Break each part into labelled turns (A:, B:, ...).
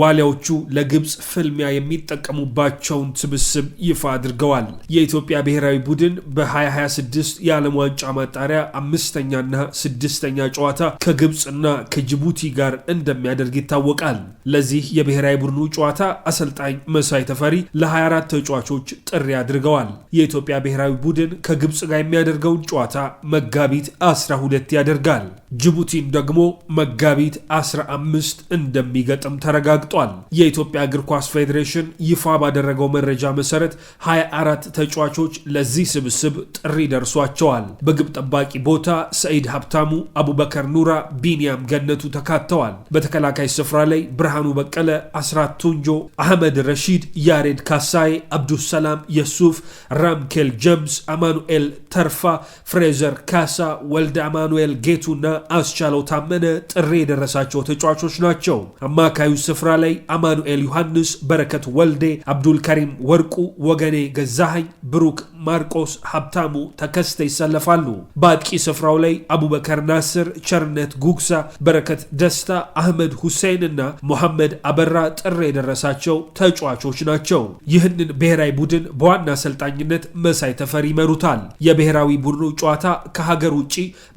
A: ዋሊያዎቹ ለግብፅ ፍልሚያ የሚጠቀሙባቸውን ስብስብ ይፋ አድርገዋል። የኢትዮጵያ ብሔራዊ ቡድን በ2026 የዓለም ዋንጫ ማጣሪያ አምስተኛና ስድስተኛ ጨዋታ ከግብፅና ከጅቡቲ ጋር እንደሚያደርግ ይታወቃል። ለዚህ የብሔራዊ ቡድኑ ጨዋታ አሰልጣኝ መሳይ ተፈሪ ለ24 ተጫዋቾች ጥሪ አድርገዋል። የኢትዮጵያ ብሔራዊ ቡድን ከግብፅ ጋር የሚያደርገውን ጨዋታ መጋቢት 12 ያደርጋል። ጅቡቲን ደግሞ መጋቢት 15 እንደሚገጥም ተረጋግጧል። አረጋግጧል። የኢትዮጵያ እግር ኳስ ፌዴሬሽን ይፋ ባደረገው መረጃ መሰረት 24 ተጫዋቾች ለዚህ ስብስብ ጥሪ ደርሷቸዋል። በግብ ጠባቂ ቦታ ሰኢድ ሀብታሙ፣ አቡበከር ኑራ፣ ቢንያም ገነቱ ተካተዋል። በተከላካይ ስፍራ ላይ ብርሃኑ በቀለ፣ አስራት ቱንጆ፣ አህመድ ረሺድ፣ ያሬድ ካሳይ፣ አብዱሰላም የሱፍ፣ ራምኬል ጀምስ፣ አማኑኤል ተርፋ፣ ፍሬዘር ካሳ፣ ወልደ አማኑኤል ጌቱና አስቻለው ታመነ ጥሪ የደረሳቸው ተጫዋቾች ናቸው። አማካዩ ስፍራ ላይ አማኑኤል ዮሐንስ፣ በረከት ወልዴ፣ አብዱልከሪም ወርቁ፣ ወገኔ ገዛኸኝ፣ ብሩክ ማርቆስ ሀብታሙ ተከስተ ይሰለፋሉ። በአጥቂ ስፍራው ላይ አቡበከር ናስር፣ ቸርነት ጉግሳ፣ በረከት ደስታ፣ አህመድ ሁሴን እና ሞሐመድ አበራ ጥር የደረሳቸው ተጫዋቾች ናቸው። ይህንን ብሔራዊ ቡድን በዋና አሰልጣኝነት መሳይ ተፈሪ ይመሩታል። የብሔራዊ ቡድኑ ጨዋታ ከሀገር ውጭ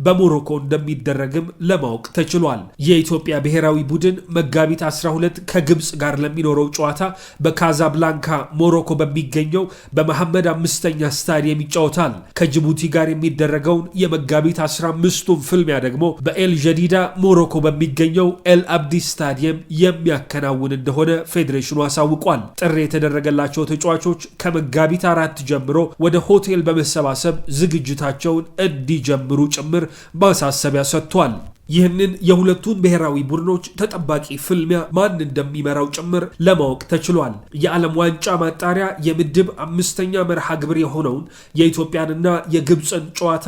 A: በሞሮኮ እንደሚደረግም ለማወቅ ተችሏል። የኢትዮጵያ ብሔራዊ ቡድን መጋቢት 12 ከግብፅ ጋር ለሚኖረው ጨዋታ በካዛብላንካ ሞሮኮ በሚገኘው በመሐመድ አምስተኛ ስታዲየም ይጫወታል። ከጅቡቲ ጋር የሚደረገውን የመጋቢት 15ቱን ፍልሚያ ደግሞ በኤል ጀዲዳ ሞሮኮ በሚገኘው ኤል አብዲ ስታዲየም የሚያከናውን እንደሆነ ፌዴሬሽኑ አሳውቋል። ጥሪ የተደረገላቸው ተጫዋቾች ከመጋቢት አራት ጀምሮ ወደ ሆቴል በመሰባሰብ ዝግጅታቸውን እንዲጀምሩ ጭምር ማሳሰቢያ ሰጥቷል። ይህንን የሁለቱን ብሔራዊ ቡድኖች ተጠባቂ ፍልሚያ ማን እንደሚመራው ጭምር ለማወቅ ተችሏል። የዓለም ዋንጫ ማጣሪያ የምድብ አምስተኛ መርሃ ግብር የሆነውን የኢትዮጵያንና የግብፅን ጨዋታ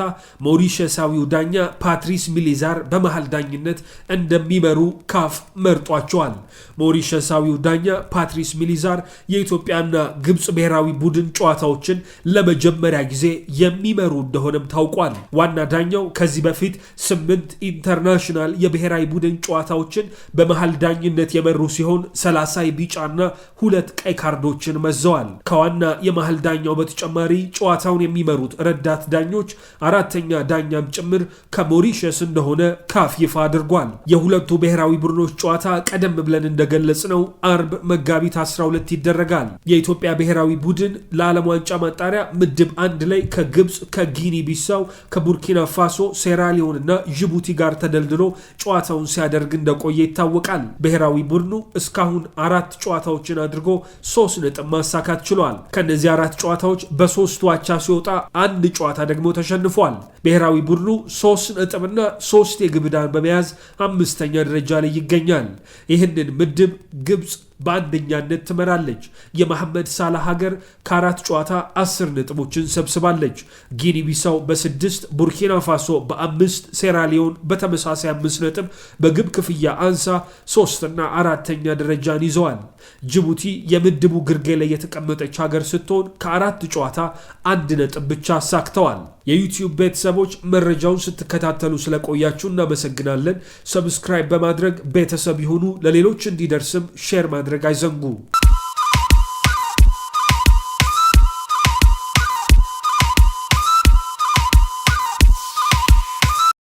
A: ሞሪሸሳዊው ዳኛ ፓትሪስ ሚሊዛር በመሃል ዳኝነት እንደሚመሩ ካፍ መርጧቸዋል። ሞሪሸሳዊው ዳኛ ፓትሪስ ሚሊዛር የኢትዮጵያና ግብፅ ብሔራዊ ቡድን ጨዋታዎችን ለመጀመሪያ ጊዜ የሚመሩ እንደሆነም ታውቋል። ዋና ዳኛው ከዚህ በፊት ስምንት ኢንተርና ኢንተርናሽናል የብሔራዊ ቡድን ጨዋታዎችን በመሃል ዳኝነት የመሩ ሲሆን 30 ቢጫና ሁለት ቀይ ካርዶችን መዘዋል። ከዋና የመሃል ዳኛው በተጨማሪ ጨዋታውን የሚመሩት ረዳት ዳኞች አራተኛ ዳኛም ጭምር ከሞሪሸስ እንደሆነ ካፍ ይፋ አድርጓል። የሁለቱ ብሔራዊ ቡድኖች ጨዋታ ቀደም ብለን እንደገለጽ ነው አርብ መጋቢት 12 ይደረጋል። የኢትዮጵያ ብሔራዊ ቡድን ለዓለም ዋንጫ ማጣሪያ ምድብ አንድ ላይ ከግብፅ፣ ከጊኒ ቢሳው፣ ከቡርኪና ፋሶ፣ ሴራሊዮን እና ጅቡቲ ጋር ተደ ተደልድሎ ጨዋታውን ሲያደርግ እንደቆየ ይታወቃል። ብሔራዊ ቡድኑ እስካሁን አራት ጨዋታዎችን አድርጎ ሶስት ነጥብ ማሳካት ችሏል። ከእነዚህ አራት ጨዋታዎች በሶስቱ አቻ ሲወጣ፣ አንድ ጨዋታ ደግሞ ተሸንፏል። ብሔራዊ ቡድኑ ሶስት ነጥብና ሶስት የግብዳን በመያዝ አምስተኛ ደረጃ ላይ ይገኛል። ይህንን ምድብ ግብፅ በአንደኛነት ትመራለች። የመሐመድ ሳላህ ሀገር ከአራት ጨዋታ አስር ነጥቦችን ሰብስባለች። ጊኒ ቢሳው በስድስት ቡርኪና ፋሶ በአምስት ሴራሊዮን በተመሳሳይ አምስት ነጥብ በግብ ክፍያ አንሳ ሶስትና አራተኛ ደረጃን ይዘዋል። ጅቡቲ የምድቡ ግርጌ ላይ የተቀመጠች ሀገር ስትሆን ከአራት ጨዋታ አንድ ነጥብ ብቻ አሳክተዋል። የዩቲዩብ ቤተሰቦች መረጃውን ስትከታተሉ ስለቆያችሁ እናመሰግናለን። ሰብስክራይብ በማድረግ ቤተሰብ ይሁኑ። ለሌሎች እንዲደርስም ሼር ማድረግ Andragazangu.